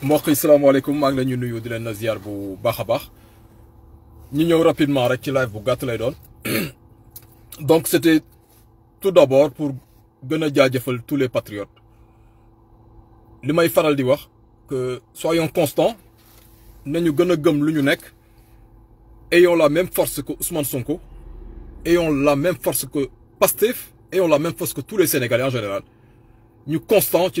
Moi, salam la ñu rapidement live donc c'était tout d'abord pour tous les patriotes li may faral di wax que soyons constants nañu gëna ayons la même force que Ousmane Sonko ayons la même force que Pastif, ayons la même force que tous les Sénégalais en général Nous constant ci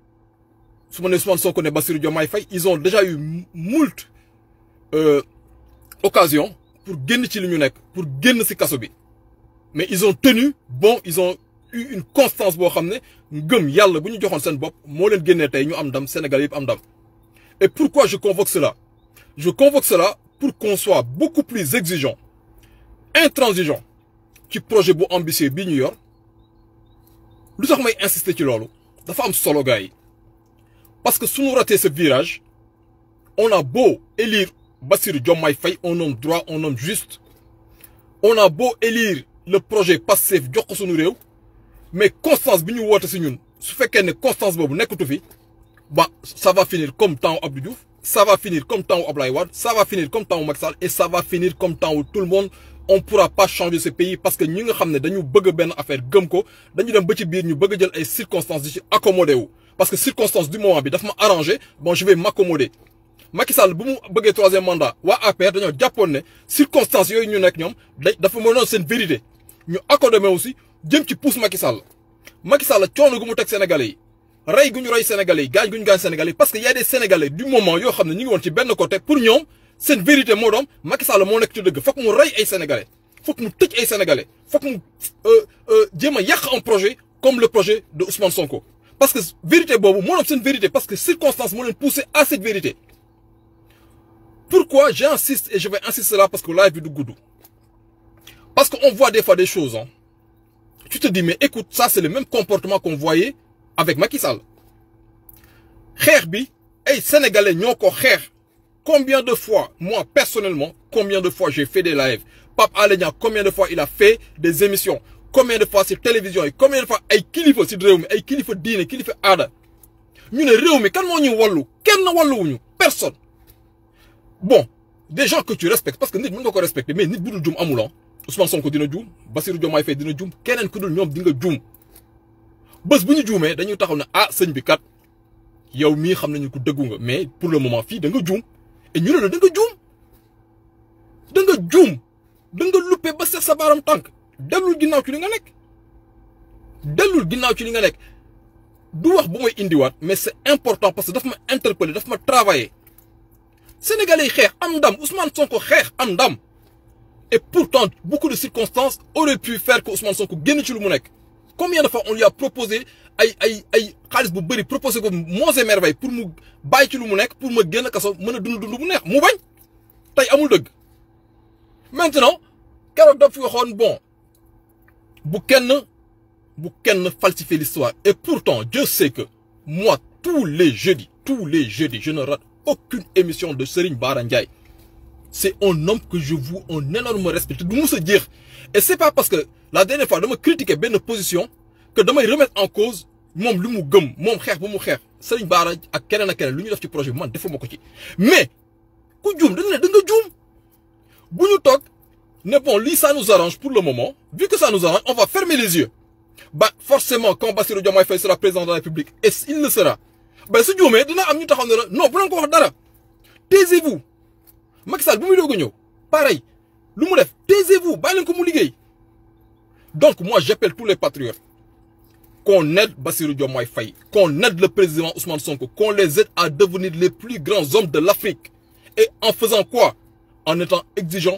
su ma ne Ousmane Sonko ne Bassirou Diomaye Faye ils ont déjà eu moult euh, occasion pour génn ci pour génn si kaso bi mais ils ont tenu bon ils ont eu une constance pour ramener ne ngëm yàlla bu ñu joxoon seen bopp moo leen génnee tey ñu am ndam Sénégal yëpp am et pourquoi je convoque cela je convoque cela pour qu'on soit beaucoup plus exigeant intransigeant qui projet beau ambitieux bi ñu yor lu tax may insister ci loolu dafa am solo gars parce que si nous ratons ce virage, on a beau élire Bassir Diomaye Fay, un homme droit, un homme juste, on a beau élire le projet passif jox ko suñu mais constance bi ñu woote si ñun su fekkee ne constance boobu nekkatu fi bah ça va finir comme temps wu Abdou ça va finir comme temps wu Ablaye ça va finir comme temps Maxal et ça va finir comme temps tout le monde on pourra pas changer ce pays parce que ñi nga que nous dañu bëgg ben affaire gëm ko dañu dem ba ci biir ñu bëgg jël ay circonstances ci parce que circonstances du moment bi daf ma arrangé bon je vais m'accommoder Macky Sall bu mu bëggee troisième mandat waa APR dañoo jàppoon ne circonstance yooyu ñu nekk ñoom day dafa mënoon seen vérité ñu accordé aussi jëm ci pousse Macky Sall Macky Sall coono gu mu teg Sénégalais Ray rey ray Sénégalais yi gaañ gu Sénégalais parce que y a des Sénégalais du moment yo xam ñi ngi won ci benn côté pour c'est une vérité moo doom Macky Sall mo nekk ci deug, foog mu ray ay Sénégalais foog mu tëj ay Sénégalais foog mu euh, euh a yak un projet comme le projet de Ousmane Sonko parce que vérité une moi, vérité parce que circonstances m'ont poussé à cette vérité pourquoi j'insiste et je vais insister là parce que live du goudou. parce qu'on voit des fois des choses hein. tu te dis mais écoute ça c'est le même comportement qu'on voyait avec Macky Sall Herbi, bi sénégalais encore combien de fois moi personnellement combien de fois j'ai fait des lives Papa Alenia, combien de fois il a fait des émissions combien de fois si télévision yi combien de fois ay kilifa ci rewmi ay kilifa diine kilifa aada ñu né rewmi kan mo ñu wallu kenn wallu wuñu personne bon des gens que tu respectes parce que nit mën nga ko respecter mais nit bu dul jum amul on hein. Ousmane Sonko dina juum Bassirou Diomaye fay dina juum keneen ku dul ñom di nga juum bës bu ñu juumee dañuy taxaw na ah señ bi kat yow mi xam nañu ko deggu nga mais pour le moment fi da nga juum et ñu ne la da nga juum da nga juum da nga luppe ba sa baaram tank dellul ginnaw ci li nga nek dellul ginnaw ci li nga nek du wax bu indi wat mais c'est important parce que daf ma interpeller daf ma travailler sénégalais xex xeex am ndam Ousmane Sonko xex am ndam et pourtant beaucoup de circonstances auraient pu faire que Ousmane Sonko génn ci lu mu nek combien de fois on lui a proposé ay ay ay xaalis bu bari proposé ko monts et pour mu bay ci lu mu nek pour ma génn kasso meuna a dund dund mu neex mu bañ tay amul deug maintenant kéro daf fi bon bu kenn bu l'histoire et pourtant Dieu sait que moi tous les jeudis tous les jeudis je ne rate aucune émission de Serigne Barangay. c'est un homme que je vous en énorme respect du mës dire, et c'est pas parce que la dernière fois critiqué bien une position que ils remettre en cause mon lu mu gëm mon xeex bu mu xeex Serigne Bara ak keneen ak keneen lu ci projet je man defuma mon ci mais ku juum dañ ne da nga juum bu mais bon, lui, ça nous arrange pour le moment. Vu que ça nous arrange, on va fermer les yeux. Bah, forcément, quand Bassirou Diomaye Faye sera président de la République, et il le sera, bah, si Diomaye, on am ñu taxaw non, vous encore ko wax dara. Taisez-vous. Macky Sall bu muy pareil. Lu taisez-vous, ko Donc, moi, j'appelle tous les patriotes qu'on aide Bassirou Diomaye Faye, qu'on aide le président Ousmane Sonko, qu'on les aide à devenir les plus grands hommes de l'Afrique. Et en faisant quoi En étant exigeant,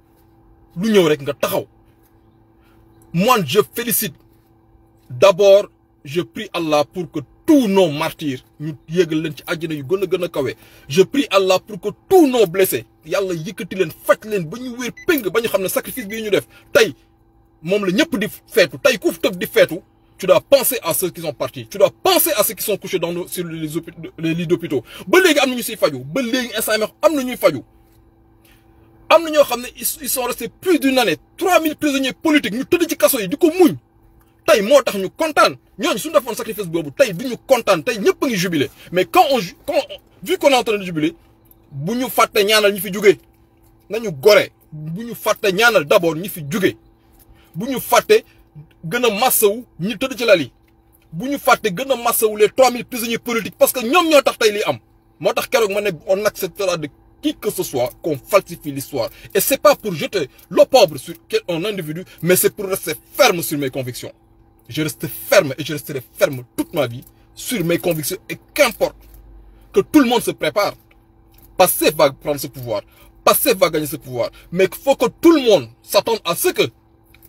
du ñëw rek nga taxaw moi je félicite d'abord je prie Allah pour que tous nos martyrs ñu yégal leen ci àjjana yu gën a gën a kawe je prie Allah pour que tous nos blessés yàlla yëkkati leen faj leen ba ñu wér péng ba ñu xam ne sacrifice bii ñu def tey moom la ñëpp di feetu tey ku tëb di feetu tu dois penser à ceux qui sont partis tu dois penser à ceux qui sont couchés dans nos sur les lits d'hôpitaux ba léegi am na ñu siy faju ba léegi instant ñuy faju ils sont restés plus d'une année 3000 prisonniers politiques ñu tëdd ci les yi di muñ tey tax ñu contane sacrifice bobu tay duñu nous, tay ñepp mais quand on quand vu qu'on est en train de jubiler buñu faté ñaanal ñi fi nañu gore ne faté ñaanal d'abord ñi fi jugee buñu faté gëna massaw ñi tëdd ci nous sommes tous les massaw les 3000 prisonniers politiques parce que ñom ñoo tax am motax kérok mané on acceptera de qui que ce soit qu'on falsifie l'histoire. Et c'est pas pour jeter l'opprobre pauvre sur un individu, mais c'est pour rester ferme sur mes convictions. Je reste ferme et je resterai ferme toute ma vie sur mes convictions. Et qu'importe que tout le monde se prépare. Passé va prendre ce pouvoir. Passé va gagner ce pouvoir. Mais il faut que tout le monde s'attende à ce que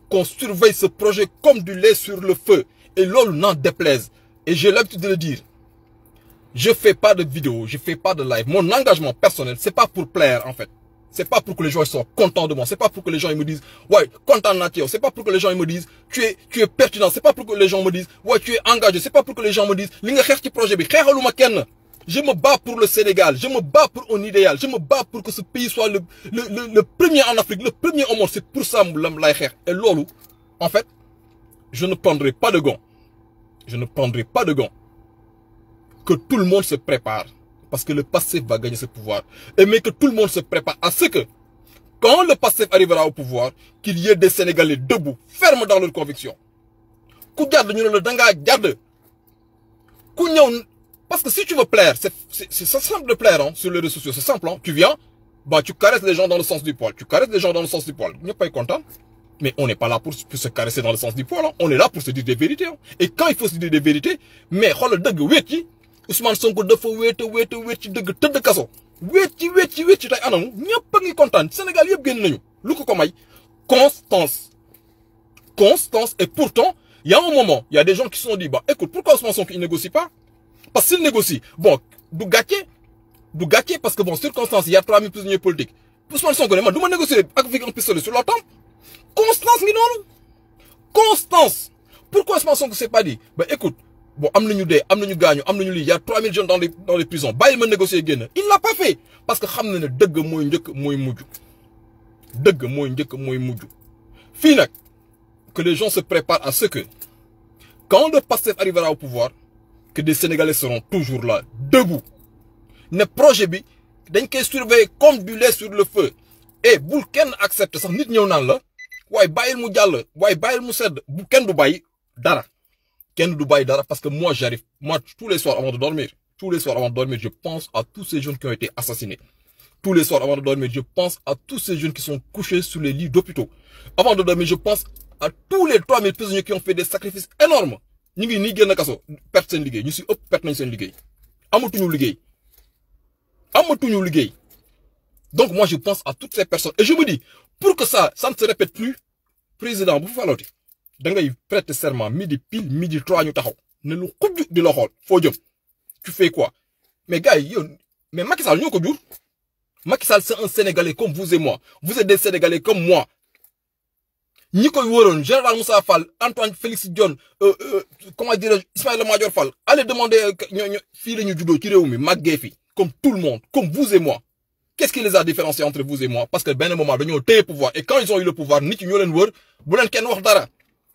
qu'on surveille ce projet comme du lait sur le feu. Et l'on n'en déplaise. Et j'ai l'habitude de le dire. Je fais pas de vidéo, je fais pas de live. Mon engagement personnel, c'est pas pour plaire, en fait. C'est pas pour que les gens soient contents de moi. C'est pas pour que les gens ils me disent, ouais, content nature. C'est pas pour que les gens ils me disent, tu es, tu es pertinent. C'est pas pour que les gens me disent, ouais, tu es engagé. C'est pas pour que les gens me disent, projet Je me bats pour le Sénégal. Je me bats pour un idéal. Je me bats pour que ce pays soit le, le, le, premier en Afrique, le premier au monde. C'est pour ça, Et lolo, en fait, je ne prendrai pas de gants. Je ne prendrai pas de gants que tout le monde se prépare, parce que le passif va gagner ce pouvoir, et mais que tout le monde se prépare à ce que, quand le passif arrivera au pouvoir, qu'il y ait des Sénégalais debout, fermes dans leurs convictions. Parce que si tu veux plaire, c'est simple de plaire hein, sur les réseaux sociaux, c'est simple. Hein. Tu viens, bah, tu caresses les gens dans le sens du poil, tu caresses les gens dans le sens du poil. n'est pas content. Mais on n'est pas là pour, se caresser dans le sens du poil. Hein. On est là pour se dire des vérités. Et quand il faut se dire des vérités, mais Ousmane Sonko dafa wéte wéte wéte ci dëgg tëdd kasso wéet ci wéet ci wéet ci tey anamu ngi pas Sénégal yépp genn nañu lu ko ko may constance constance et pourtant il y a un moment il y a des gens qui se sont dit bah écoute pourquoi Ousmane Sonko il négocie pas parce qu'il négocie bon du gàcce du parce que bon Constance, il y a 3000 prisonniers politiques Ousmane Sonko ne man pas négocier ak avec un pistolet sur la tempe constance ngi non constance pourquoi Ousmane Sonko s'est pas dit bah écoute bon am nañu dee am nañu gaañu am nañu il y' a 3000 jeunes dans les dans les prisons bàyyi ma négocier génn il l'a pas fait parce que xam na ne dëgg mooy njëkk mooy mujj dëgg mooy njëkk mooy mujj fii que les gens se préparent à ce que quand le pasteur arrivera au pouvoir que des Sénégalais seront toujours là debout ne projet bi dañ surveiller comme du lait sur le feu et eh, Bouken accepte sax nit ñëw naan la waaye bàyyil mu jàll waaye bàyyil mu sedd bu du bàyyi dara parce que moi, j'arrive, moi, tous les soirs avant de dormir, tous les soirs avant de dormir, je pense à tous ces jeunes qui ont été assassinés. Tous les soirs avant de dormir, je pense à tous ces jeunes qui sont couchés sous les lits d'hôpitaux. Avant de dormir, je pense à tous les 3000 prisonniers qui ont fait des sacrifices énormes. ni ni kasso, Donc moi je pense à toutes ces personnes et je me dis pour que ça ça ne se répète plus président vous il prête serment midi pile midi trois ñu taxaw ne lu di la tu fais quoi mais gars mais Macky Sall ñoko Macky Sall c'est un Sénégalais comme vous et moi vous êtes des Sénégalais comme moi ñi koy wóoroon général Moussa Fall Antoine Félix euh, euh, comment dire Ismaël Fall allez demander euh, ñu fii la ci comme tout le monde comme vous et moi qu'est-ce qui les a différenciés entre vous et moi parce que un moment eu le pouvoir et quand ils ont eu le pouvoir ils ont eu le pouvoir.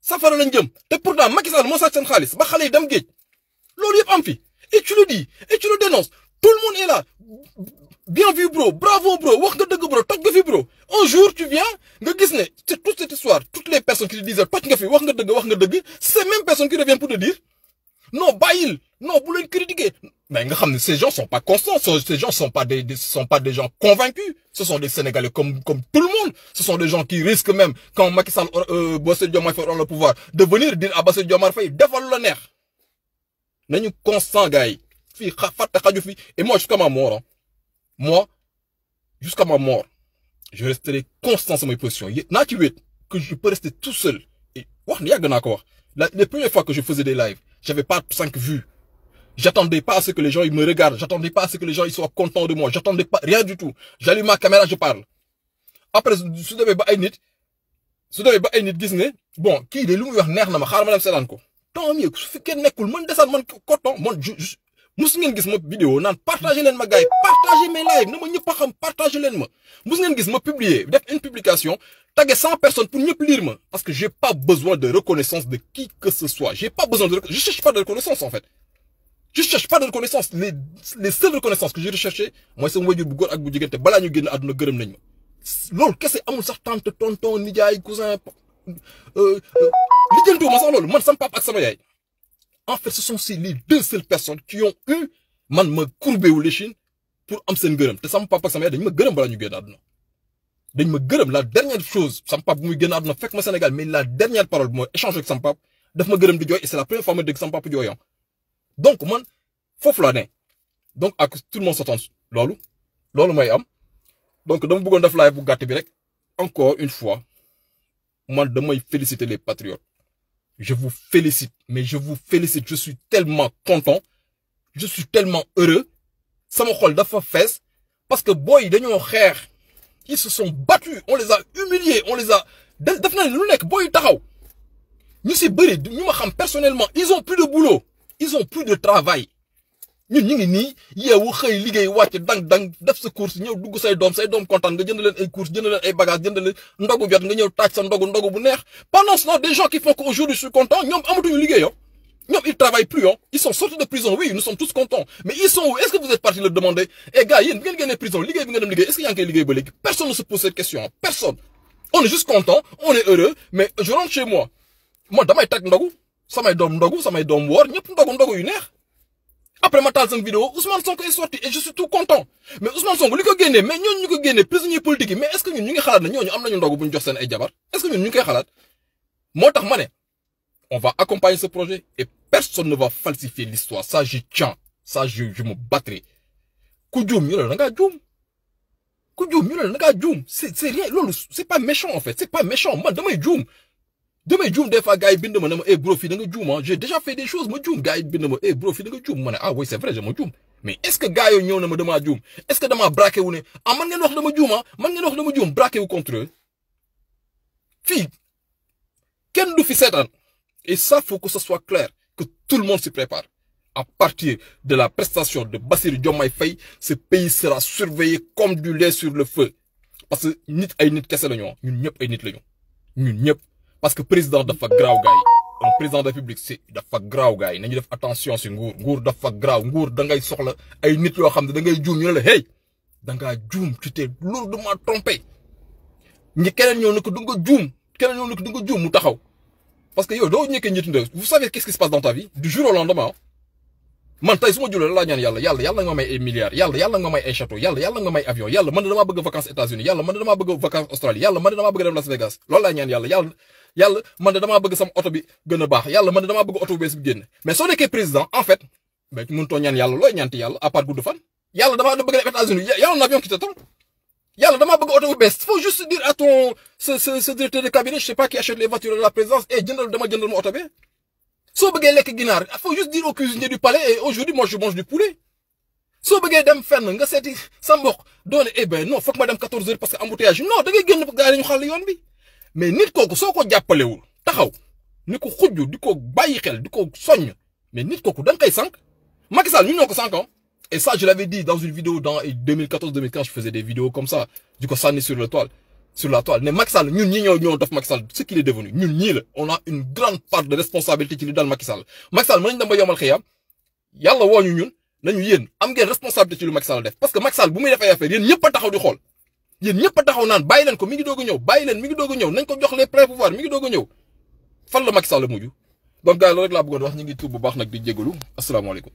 safara lañ jëm te pourtant Macky Sall moo sàcc seen xaalis ba xalé dem lolu am fi et tu le dis et tu le dénonces tout le monde est là bien vu bro bravo bro wax nga bro toj nga fi bro un jour tu viens nga gis ne c'est toute cette histoire toutes les personnes qui te disent toj nga fi wax nga deug wax nga même personne qui revient pour te dire non Baïl. non vous critiquer mais nga ces gens sont pas constants ces gens sont pas des, sont pas des gens convaincus ce sont des sénégalais comme comme tout le monde ce sont des gens qui risquent même quand Macky Sall euh, euh Diomaye Faye aura le pouvoir de venir dire à Bassirou Diomar Faye defal le la nañu constant gars et moi jusqu'à ma mort hein. moi jusqu'à ma mort je resterai constant sur mes positions naa tu que je peux rester tout seul et wax n'y a ko les premières fois que je faisais des lives j'avais pas cinq vues. J'attendais pas à ce que les gens ils me regardent. J'attendais pas à ce que les gens ils soient contents de moi. J'attendais pas rien du tout. J'allume ma caméra, je parle. Après, su suis pas ay nit su ba ay nit gis bon qui les lu muy wax neex na Selanko? Tant mieux. dem seetaan ko tant mieux mon fi mon monde des coton mus ngeen gis ma vidéo partagez partagé leen ma gars mes lives, na ma ñëpp a les partagé leen ma mus gis ma publier def une publication tagué 100 personnes pour mieux lire ma parce que j'ai pas besoin de reconnaissance de qui que ce soit j'ai pas besoin de je cherche pas de reconnaissance en fait je cherche pas de reconnaissance les les seules reconnaissances que j'ai recherchais, moi c'est wajur bu góor ak bu jigéen te balaa ñu génn àdduna gërëm nañ ma loolu kese amul sax tante tonton de cousin euh, euh, lijjantiwu ma sax loolu man pas pas ak sama yaye. En fait, ce sont ces deux seules personnes qui ont eu, man, me courber ou l'échine pour am sen gërëm. Te sama papa sama ma gërëm bala ñu génn àdduna. dañ ma gërëm la dernière chose sama papa bu muy génn àdduna fekk ma Sénégal mais la dernière parole moi, échange avec ak papa daf ma gërëm di jooy et c'est la première fois moi, dégg sama papa jooyam. donc man faut laa donc tout le monde s'attend loolu loolu may am donc dama bëggoon def laay bu gàtt bi encore une fois moi, man il féliciter les patriotes. Je vous félicite, mais je vous félicite. Je suis tellement content. Je suis tellement heureux. Ça me rôle d'affaires. fesse. Parce que boy, dañoo Ils se sont battus. On les a humiliés. On les a... Nous lu boy personnellement, ils ont plus de boulot. Ils ont plus de travail ñun ni ngi nii yeewu xëy liggéey wàcc dang-dang def sa course ñëw dugg say doom say doom content nga jënd leen ay course jënd leen ay bagage jënd leen ndogu jot nga ñëw taaj sa ndogu ndogu bu neex pendant ce temps des gens qui font qu'aujourd'hui je suis content ñoom amatuñu liggéey yo oh. ñoom ils travaillent plus yo oh. ils sont sortis de prison oui nous sommes tous contents mais ils sont où est-ce que vous êtes partis leur demander eh gars yéen bi ngeen génnee prison liggéey bi nga dem liggéey est-ce que yaa ngi koy liggéey ba léegi personne ne se pose cette question hein. personne on est juste content on est heureux mais je rentre chez moi moi damay teg ndogu samay doom ndogu samay doom woor ñëpp ndogu ndogu yu neex après ma troisième vidéo Ousmane Sonko est sorti et je suis tout content mais Ousmane Sonko mais prisonniers politiques mais est-ce que est-ce que on va accompagner ce projet et personne ne va falsifier l'histoire ça je tiens ça je je me battrai c'est rien c'est pas méchant en fait c'est pas méchant damay juum des fois gars yi bind ma ma eh bro fille da nga juum hein. j'ai déjà fait des choses mon juum gars yi bind eh bro fille da nga juum ah oui c'est vrai je mon juum mais est-ce que gars yooyu ñëw na ma damaa juum est-ce que damaa braqué ou ne ah man ngeen wax dama juum man ngeen wax dama juum braqué wu contre eux fii kenn du fi seetaan et ça faut que ce soit clair que tout le monde se prépare à partir de la prestation de Bassirou Diomaye Faye ce pays sera surveillé comme du lait sur le feu parce que nit ay nit kese la ñu ñun ñëpp ay nit la ñu ñun parce que président dafa garaaw gars yi président de la République c'est dafa graw gay yi nañu def attention si ngour nguur dafa graw ngour da ngay soxla ay nit yo xamne da ngay juum ñu ne la hey da ngaa juum tu t'es lourdement trompé ñi keneen ñoo ne ko du nga juum keneen ñoo ne ko du nga juum mu taxaw parce que yo, do ñëkkee njiitu ndaw vous savez qu'est-ce qui se passe dans ta vie du jour au lendemain hein. man tay suma ma la ñaan yalla yalla yalla nga may ay milliards yalla yalla nga may ay château yalla yalla nga may avion yalla man dama bëgg vacances États-Unis yalla man dama bëgg vacances Australie yalla man dama bëgg dem Las Vegas loolu la ñaan yalla yalla yalla man de bëgg sam auto bi gëna a baax yàlla man dama bëgg auto bi bees bi génn mais soo nekkee président en fait mais to ñaan yalla loy ñant yalla à part gudd fan. yàlla dama bëgg les États-Unis yalla na avion qui t'attend yalla dama bëgg auto bi bees faut juste dire à ton ce ce ce directeur de cabinet je sais pas qui achète les voitures de la présidence et eh, jëndal dama jëndal mo auto bi so bëggé lek ginar faut juste dire au cuisinier du palais et eh, aujourd'hui moi je mange du poulet. so bëggé dem fenn nga seeti sa mbokk doone eh ben non que ma dem 14 heures parce que embouteillage non da ngay génn gaari ñu xal yoon bi mais nit pas soko ko taxaw ni ko xujju diko ko xel diko sogn mais nit kooku da nga koy sànq Macky Sall ñu ñoo ko ah. et ça je l'avais dit dans une vidéo dans 2014 2015 je faisais des vidéos comme ça Du coup, ça n'est sur le toile sur la toile Mais Macky Sall ñun ñi ñoo ñoo def Macky Sall ce qu'il est devenu ñun ñi on a une grande part de responsabilité ci li dans Macky Sall Macky Sall mën nañ dem ba yomal xëyam ah. yàlla woo ñun nañu yeen am ngeen responsabilité ci lu Macky Sall def parce que Macky Sall bu muy def affaire yeen ñepp taxaw di xol yéen ñëpp a taxaw naan bàyyi leen ko mi ngi doog a ñëw bàyyi leen mi ngi doog a ñëw nañ ko jox les pleins pouvoirs mi ngi doog a ñëw fan la Macky Sall mujj donc gars rek laa bëggoon wax ñu ngi tuub bu baax nag di jégalu asalaamaaleykum.